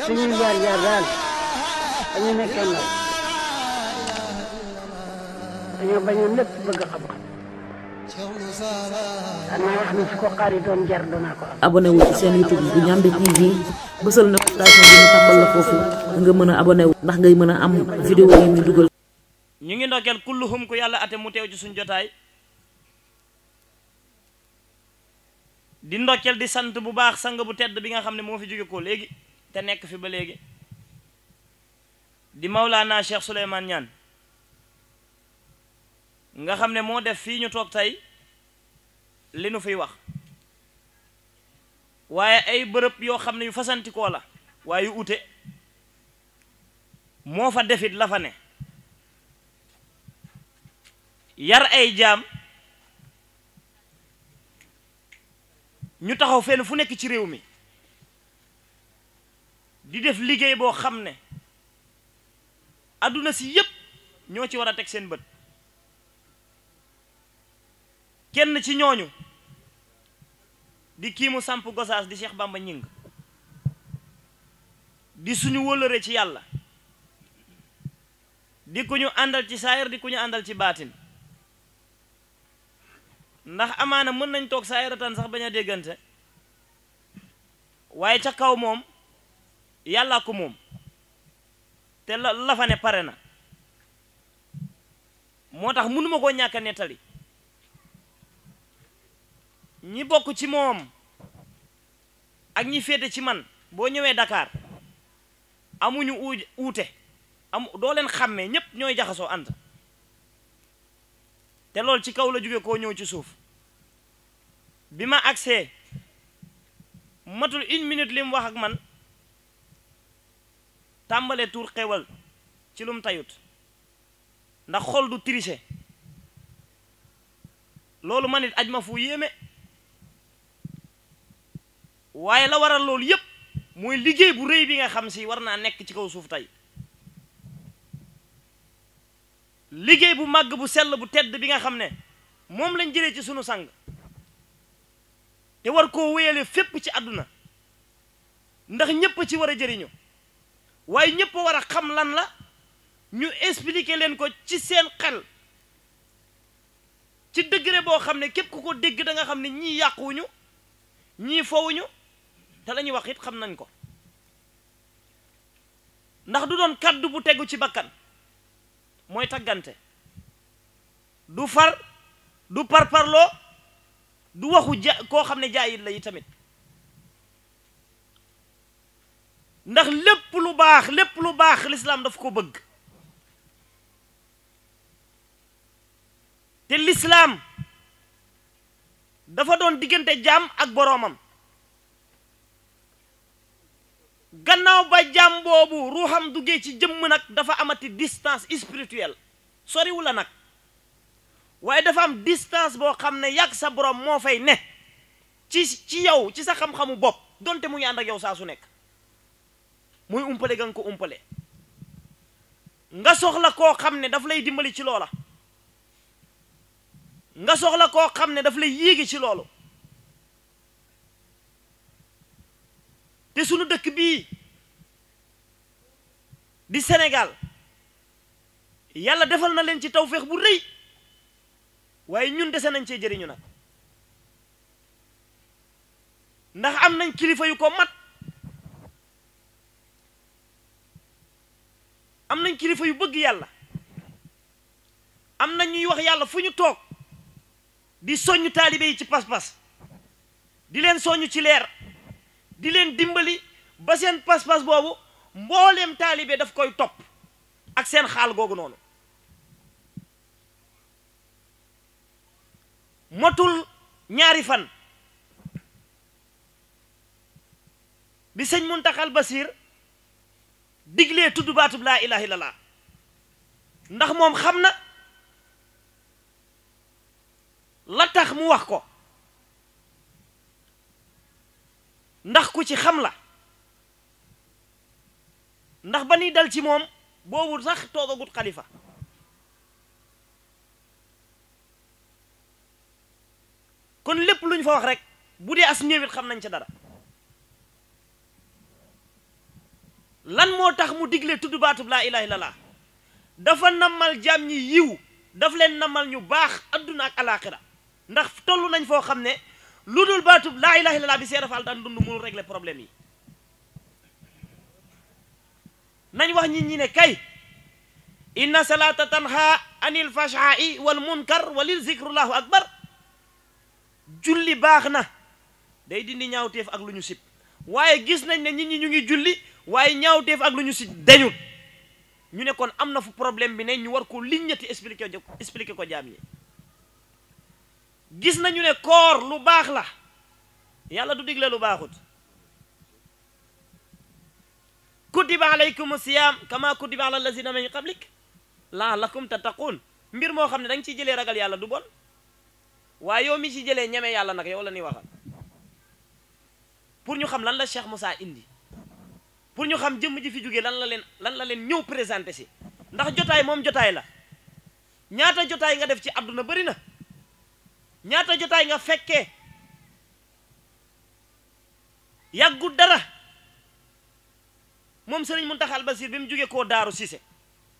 Sehingga jalan Penyemekana Penyemekana Penyemekana abonné wu ci seen youtube bu ñambe tv na station bi la fofu nga abonné wu ndax ngay am vidéo yi duggal ngi ndokel kulluhum ku yalla até mu tew ci suñu di ndokel di bu baax sang bu tedd bi nga mo te nekk fi ba léegi di naa Cheikh Souleymane Niane nga xam ne moo def fii ñu toog tey li nu fiy wax waaye ay bërëb yoo xam ne yu fasantikoo la waaye yu ute moo fa defit la fa ne yar ay jaam ñu taxaw fenn fu nekk ci réew mi di def liggey bo xamne aduna si yep ño ci wara tek sen beut kenn ci ñooñu di kii mu samp Gossas di Cheikh Bamba Ñing di suñu wolere ci yalla di kuñu andal ci sayer di kuñu andal ci batin ndax amana mën nañ tok sayeratan sax baña degante waye ca kaw mom yàllaa ko moom te la la pare na moo tax mënuma koo ñàkka nettali ñi bokk ci moom ak ñi féete ci man boo ñëwee dakaar amuñu uj uute am doo leen xàmmee ñépp ñooy jaxasoo ànd te loolu ci kaw la jóge koo ñëw ci suuf bi ma agsee matul une minute li wax ak man tàmbalee tuur xewal ci lum tayut ndax xol du tricher loolu man it aj ma fu yéeme waaye la waral loolu yépp mooy liggéey bu rëy bi nga xam si war naa nekk ci kaw suuf tey liggéey bu màgg bu sell bu tedd bi nga xam ne moom lañ jëlee ci sunu sang te war koo wéyale fépp ci àdduna ndax ñépp ci war a jëriñu waaye ñëpp war a xam lan la ñu expliquer leen ko ci seen xel ci degré boo xam ne képp ku ko dégg danga xam ne ñii yàquwuñu ñii fowuñu te la wax it xam nañ ko ndax du doon kàddu bu tegu ci bakkan mooy taggante du far du parparloo du waxu ja koo xam ne jaayit la yi tamit ndax lépp lu baax lépp lu baax lislaam dafa ko bëgg te lislaam dafa doon diggante jaam ak boroomam gannaaw ba jaam boobu ruuxam duggee ci jëmm nag dafa amati distance spirituelle soriwu la nag waaye dafa am distance boo xam ne yàgg sa boroom moo fay ne ci ci yow ci sa xam-xamu bopp donte mu ngi ànd ak yow saa su nekk muy umpale ga nga ko umpale nga soxla koo xam ne daf lay dimbali ci loola nga soxla koo xam ne daf lay yéegi ci loolu te sunu dëkk bii di senegal yàlla defal na leen ci tawféex bu rëy waaye ñun dese nañ cee jëriñu nag ndax am nañ kilifa yu ko mat am nañ kilifa yu bëgg yàlla am na ñuy wax yàlla fu ñu toog di soññ taalibe yi ci pas-pas di leen soññ ci leer di leen dimbali ba seen pas-pas boobu mbooleem taalibe daf koy topp ak seen xaal googu noonu motul ñaari fan bi sëñ xal Basiir diglé tuddu baatub la ilaha illallah ndax mom xamna la tax mu wax ko ndax ku ci xam la ndax bani dal ci mom bobu sax toogagut khalifa kon lépp luñ fa wax rek bu dee as néewit xam nañ ci dara lan mo tax mu digle tuddu batub la ilaha illallah dafa namal jam ñi yiw daf leen namal ñu bax aduna ak alaxira ndax tollu nañ fo xamné luddul batub la ilaha illallah bi seera dan dund mu régler problème yi nañ wax nit ñi ne kay inna salata tanha anil fashai wal munkar walil zikrullahu akbar julli baxna day dindi ñaawteef ak luñu sip waye gis nañ ne nit ñi ñu ngi julli waaye ñaawteef ak lu ñu si dañul ñu ne kon am na fu problème bi ne ñu war ko liññati expliqué expliqué ko jaam ñi gis nañu ne koor lu baax la yàlla du digle lu baaxut kutiba alaykum siyaam kama kutiba ala lazina min qablik laalakum tattaqun mbir moo xam ne da ciy jëlee ragal yàlla du bon waaye yow mi ci jëlee ñeme yàlla nag yow la ñuy waxal pour ñu xam lan la Cheikh Moussa indi pour ñu xam jëm ji fi jóge lan la leen lan la leen ñëw présenter ci ndax jotay mom jotay la ñaata jotay nga def ci aduna bari na ñaata jotay nga fekke yàggu dara mom serigne Muntaxa Al basir bimu mu ko koo daaru Cissé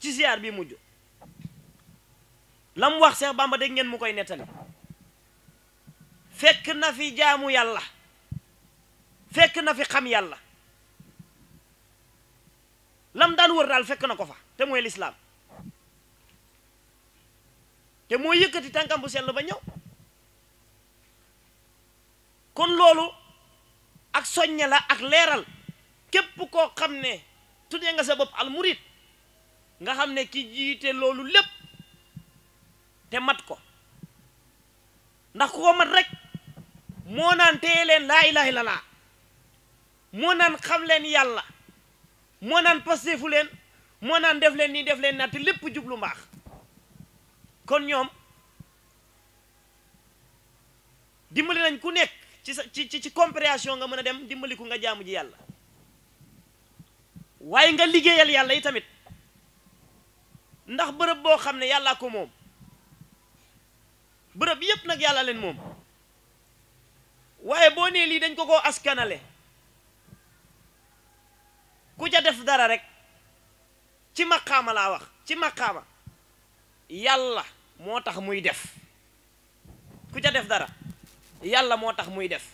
ci ziar bi mujj lam wax cheikh bamba ngeen mu koy netal fekk na fi jaamu yalla, fekk na fi xam yalla lam daan wër daal fekk na ko fa te moy l'islam te moy yëkëti tankam bu sell ba ñëw kon loolu ak soññe la ak leeral képp ko xamné tudé nga sa bop al murid nga xamné ki jité loolu lepp te mat ko ndax ko mat rek mo nan téye leen ilaha illallah mo nan xam len yalla moo naan pasteefu leen moo naan def leen nii def leen naa te lépp jublu mbaax kon ñoom dimbali nañ ku nekk ci sa ci ci ci compréhension nga mën a dem dimbali ku nga jaamu ji yàlla waaye nga liggéeyal yàlla yi tamit ndax bërëb boo xam ne yàllaa ko moom bërëb yépp nag yàlla leen moom waaye boo nee lii dañ ko ko askanale ku ca def dara rek ci kama la wax ci maqaama yalla motax muy def ku ca def dara yalla motax muy def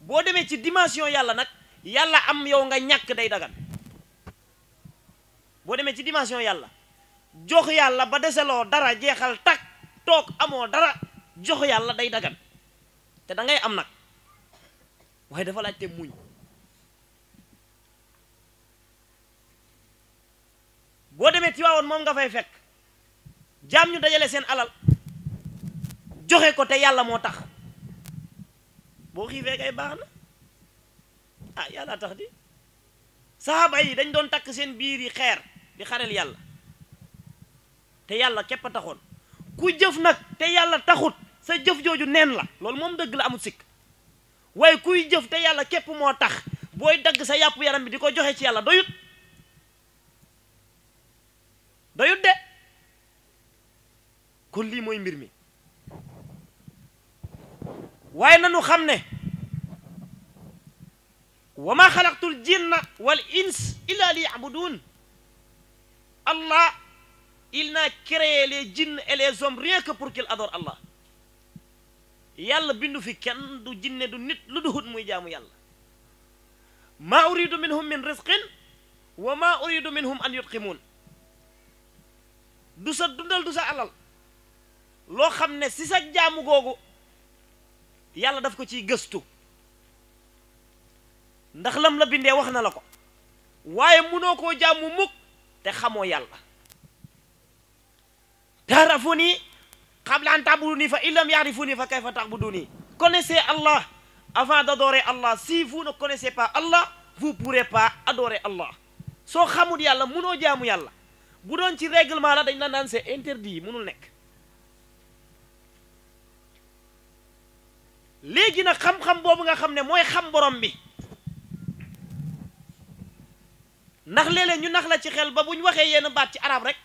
bo demé ci dimension yalla nak yalla am yow nga ñak day dagan bo demé ci dimension yalla jox yalla ba deseloo dara jéxal tak tok amo dara jox yalla day dagan té da ngay am nak, waaye dafa muñ woon moom nga fay fekk jaam ñu dajale seen alal joxe ko te yàlla moo tax boo xiifee kay baax na ah yàlla tax di saxaaba yi dañ doon takk seen biir yi xeer di xarel yàlla te yàlla képp a taxoon ku jëf nag te yàlla taxut sa jëf jooju neen la loolu moom dëgg la amul sikk waaye kuy jëf te yàlla képp moo tax booy dagg sa yàpp yaram bi di ko joxe ci yàlla doyut doyut de kon lii mooy mbir mi waaye nanu xam ne wa ma xalaqtul jinna wal ins illa li Allah il n'a créé les djinns et les hommes rien que pour qu'ils adorent Allah yàlla bindu fi ken du jinne du nit lu duhut muy jamu yàlla ma uridu minhum min rizqin wa ma uridu minhum an yutqimun du sa dundal du sa alal Lo xamne si sa jaamu gogu yalla daf ko ci gëstu ndax lam la bindee wax na la ko waaye munoo koo jaamu mukk te xamo yalla tarafuni qabla an tabuduni fa illam ya'rifuni fa kayfa ta'buduni connaissez Allah avant d'adorer Allah si vous ne connaissez pas Allah vous pourrez pas adorer Allah So xamul yalla munoo jaamu yalla bu doon ci règlement la dañ la naan c'est interdit mënul nekk léegi nag xam-xam boobu nga xam ne mooy xam borom bi ndax léeg-léeg ñu nax la ci xel ba bu waxee yenn baat ci arab rek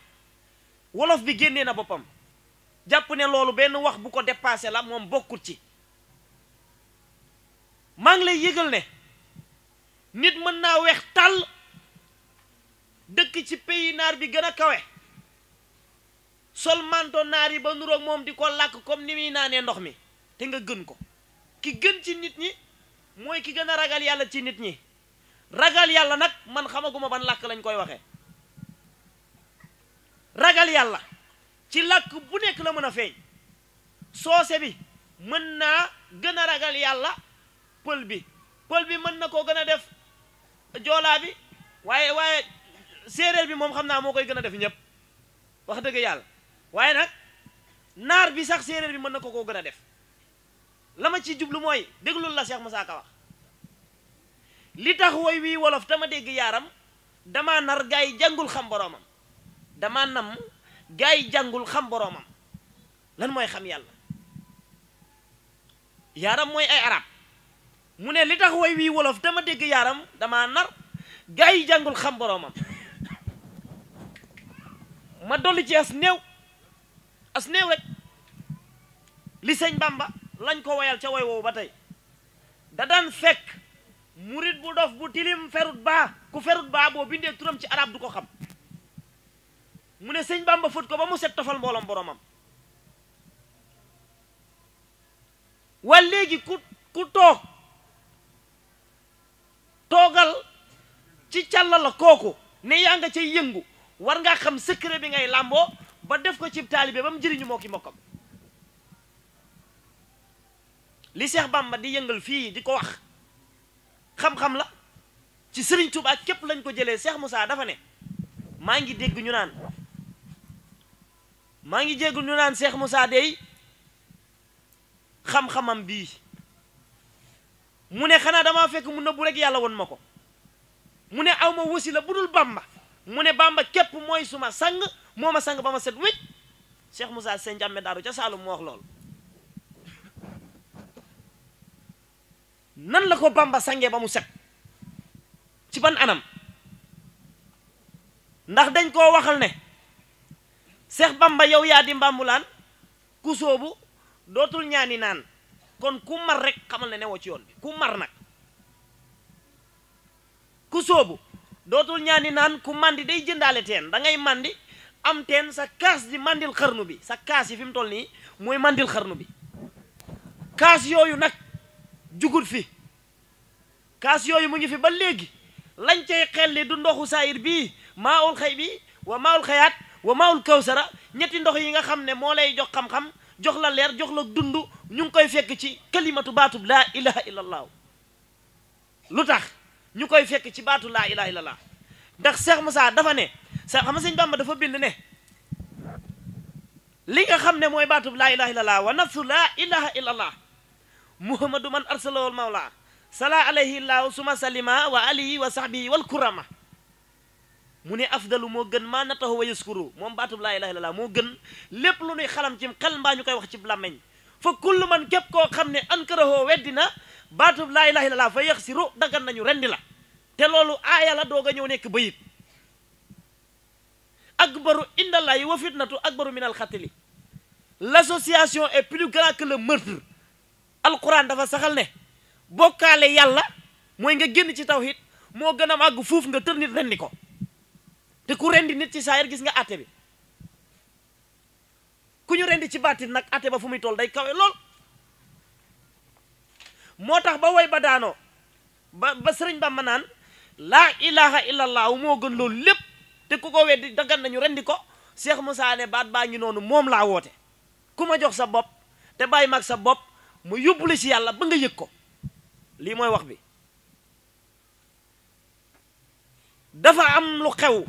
wolof bi génnee na boppam jàpp ne loolu benn wax bu ko dépassé la moom bokkul ci maa ngi lay yëgal ne nit mën naa weex tàll dëkk ci pays naar bi gën a kawe sol manto naar yi ba nuroog moom di ko làkk comme ni muy naanee ndox mi te nga gën ko ki gën ci nit ñi mooy ki gën a ragal yàlla ci nit ñi ragal yàlla nag man xamaguma ban làkk lañ koy waxe ragal yàlla ci làkk bu nekk la mën a feeñ soose bi mën naa gën a ragal yàlla pël bi pël bi mën na koo gën a def joolaa bi waaye waaye séeréer bi moom xam naa moo koy gën a def ñëpp wax dëgg yàlla waaye nag naar bi sax séeréer bi mën na ko koo gën a def la ma ci jublu mooy déglul la Cheikh Moussa Ka wax li tax woy wii wolof tama dégg yaaram dama nar gaa yi jàngul xam boroomam dama nam gaa yi jàngul xam boroomam lan mooy xam yàlla yaaram mooy ay arab mu ne li tax woy wii wolof dama dégg yaaram dama nar gaa yi jàngul xam boroomam ma dolli ci as néew as néew li sëñ bàmba lañ ko woyal ca woy woowu ba tey da daan fekk murit bu dof bu tilim ferut baa ku ferut baa boo bindee turam ci arab du ko xam mu ne sëñ Bamba fut ko ba mu set tofal mbooloom boromam wal léegi ku toog toogal ci càlla la kooku ne yaa nga yëngu war ngaa xam secret bi ngay làmboo ba def ko cib taalibe ba mu jëriñu moo ki mokkam li Seex Bàmba di yëngal fii di ko wax xam-xam la ci Sëriñ Tuubaa képp lañ ko jëlee Seex Musaa dafa ne maa ngi dégg ñu naan maa ngi jégg ñu naan Seex Musaa dey xam-xamam bii mu ne xanaa dama fekk mun na nëbbu rek yàlla woon ma ko mu ne awma wasi la bu dul Bàmba Mune bamba kep moy suma sang moma sang bama set wit cheikh moussa seen jàmme daaru ca salu mo wax lol nan la ko bamba sangé ba set ci ban anam ndax dañ ko waxal ne cheikh bamba yow ya di mbamulan kusobu dotul ñani nan kon ku mar rek xamal ne newoo ci yoon bi ku mar nak ku dootul ñaani naan ku mandi day jëndaale teen da ngay mandi am teen sa kaas di mandil xarnu bi sa kaas yi fi mu toll nii mooy mandil xarnu bi kaas yooyu nag jugut fi kaas yooyu mu ngi fi ba léegi lañ cay xelli du ndoxu saayir bi maa ul xay bi wa maa xayaat wa maa ul kawsara ñetti ndox yi nga xam ne moo lay jox xam-xam jox la leer jox la dund ñu koy fekk ci kalimatu baatub laa ilaha illa allahu lu tax ñu koy fekk ci baatu laa ilaha illallah ndax Cheikh Moussa dafa ne sa xam nga sëñ Bamba dafa bind ne li nga xam ne mooy baatub laa ilaha illallah wa nafsu laa ilaha illallah muhammadu man arsalawal mawla sala alayhi llahu suma salima wa alihi wa sahbihi wal kurama mu ne afdalu moo gën maa natahu wa yaskuru moom baatub laa ilaha illallah moo gën lépp lu nuy xalam cim xel mbaa ñu koy wax ci làmmiñ fa kullu man képp koo xam ne ankarahu weddina baatub laa ilaha illallah fa yaxsiru dagan nañu rendi la te loolu aaya la doog a ñëw nekk bayit akbaru indallahi wa fitnatu akbaru min alxatili l'association est plus grand que le meurtre alquran dafa saxal ne bokkaale yàlla mooy nga génn ci taw tawhid moo gën a màgg fuuf nga tër nit rendi ko te ku rendi nit ci saayir gis nga àtte bi ku ñu rendi ci baatin nag àtte ba fu muy toll day kawe lool moo tax ba woy ba daanoo ba ba sëriñ ba ma naan laa ilaha illallah moo gën loolu lépp te ku ko di daggan nañu rendi ko Cheikh Moussa ne baat baa ngi noonu moom laa woote ku ma jox sa bopp te bàyyi mag sa bopp mu yóbbu la ci yàlla ba nga yëg ko lii mooy wax bi dafa am lu xew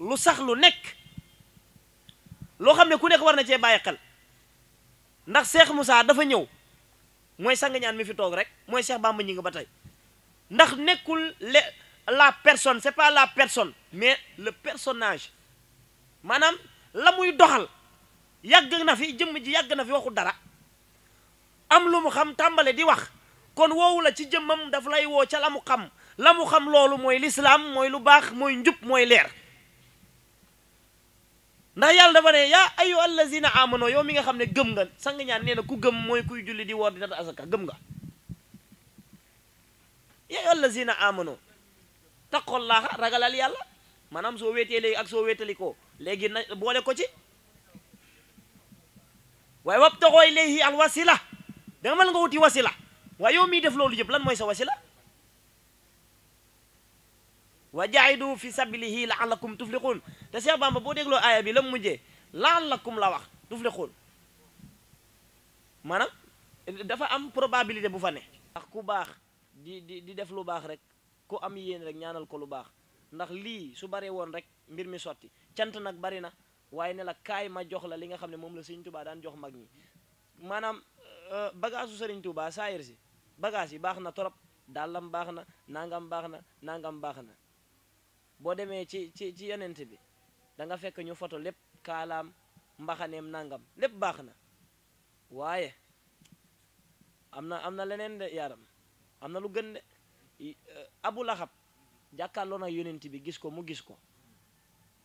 lu sax lu nekk loo xam ne ku nekk war na cee bàyyi xel ndax Cheikh Moussa dafa ñëw moy sang ñaan mi fi tok rek moy Cheikh Bamba ñi nga ba ndax nekul la personne c'est pas la personne mais le personnage manam lamuy doxal yàgg na fi jëm ji yàgg na fi waxu dara am lu mu xam tambalé di wax kon woowu la ci jëmam daf lay wo ci lamu xam lamu xam lolu moy l'islam moy lu bax moy njub moy leer ndax yàlla dafa ne yaa ayu allazina amano yow mi nga xam ne gëm nga sang ñaan nee na ku gëm mooy kuy julli di woor di nat asaka gëm nga yaa ayu allazina amano taqollaaha ragalal yàlla maanaam soo weetee léegi ak soo weetalikoo léegi na boole ko ci waaye wabtaxoo ilayhi al wasila danga mën nga wuti wasila waaye yow miy def loolu yëpp lan mooy sa wasila wajahidu fi sabilihi laallakum tuflihun te Cheikh Bamba bo deglo aya bi la mujjé laallakum la wax tuflihun manam dafa am probabilité bu fa né ak ku bax di di di def lu bax rek ku am yeen rek ñaanal ko lu subare ndax li su bari won rek mbir mi soti cant nak bari na waye ne la kay ma jox la li nga xamné mom la serigne touba daan jox mag ni manam euh, bagage serigne touba si bagage yi baax na torop dalam baax na nangam baax nangam baax bo demee ci ci ci yonent bi da nga fekk ñu photo lepp kalam mbaxanem nangam lepp baxna waye amna amna lenen de yaram amna lu gën de eh, abou lahab jàkkaarloo na yonent bi gis ko mu gis ko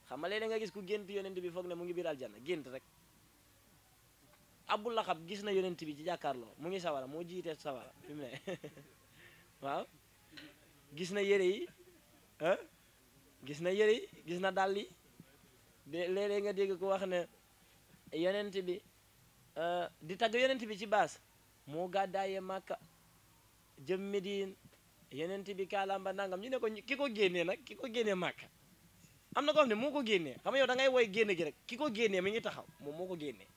xam nga nga gis ku yonent bi ne mu ngi biral janna gént rek abou lahab gis na yonent bi ci jakarlo mu ngi sawara mo jité sawara fi waaw gis na yére yi hein eh? gis na yëre yi gis na dàll yi de nga dégg ko wax ne yonent bi euh, di tagg yonent bi ci baas moo gàddaaye màkka jëm Médine yonent bi kaalamba nangam ñu ne ko ki ko génnee nag ki ko génnee màkka am na ko ne moo ko génnee xam nga yow da ngay woy génne gi rek ki ko génnee mi ngi taxaw moom moo ko génnee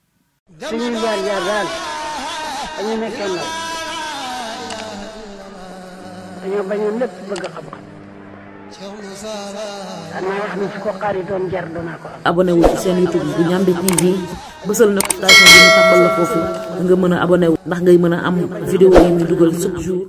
suñu jaar jaar daal dañu danaa wax ni su ko ko am. abonné wu seen YouTube bu Ndiamé TV bësal notification bi ñu tàmbal nga mën a abonné ndax ngay mën a am vidéo yi ñu dugal chaque jour.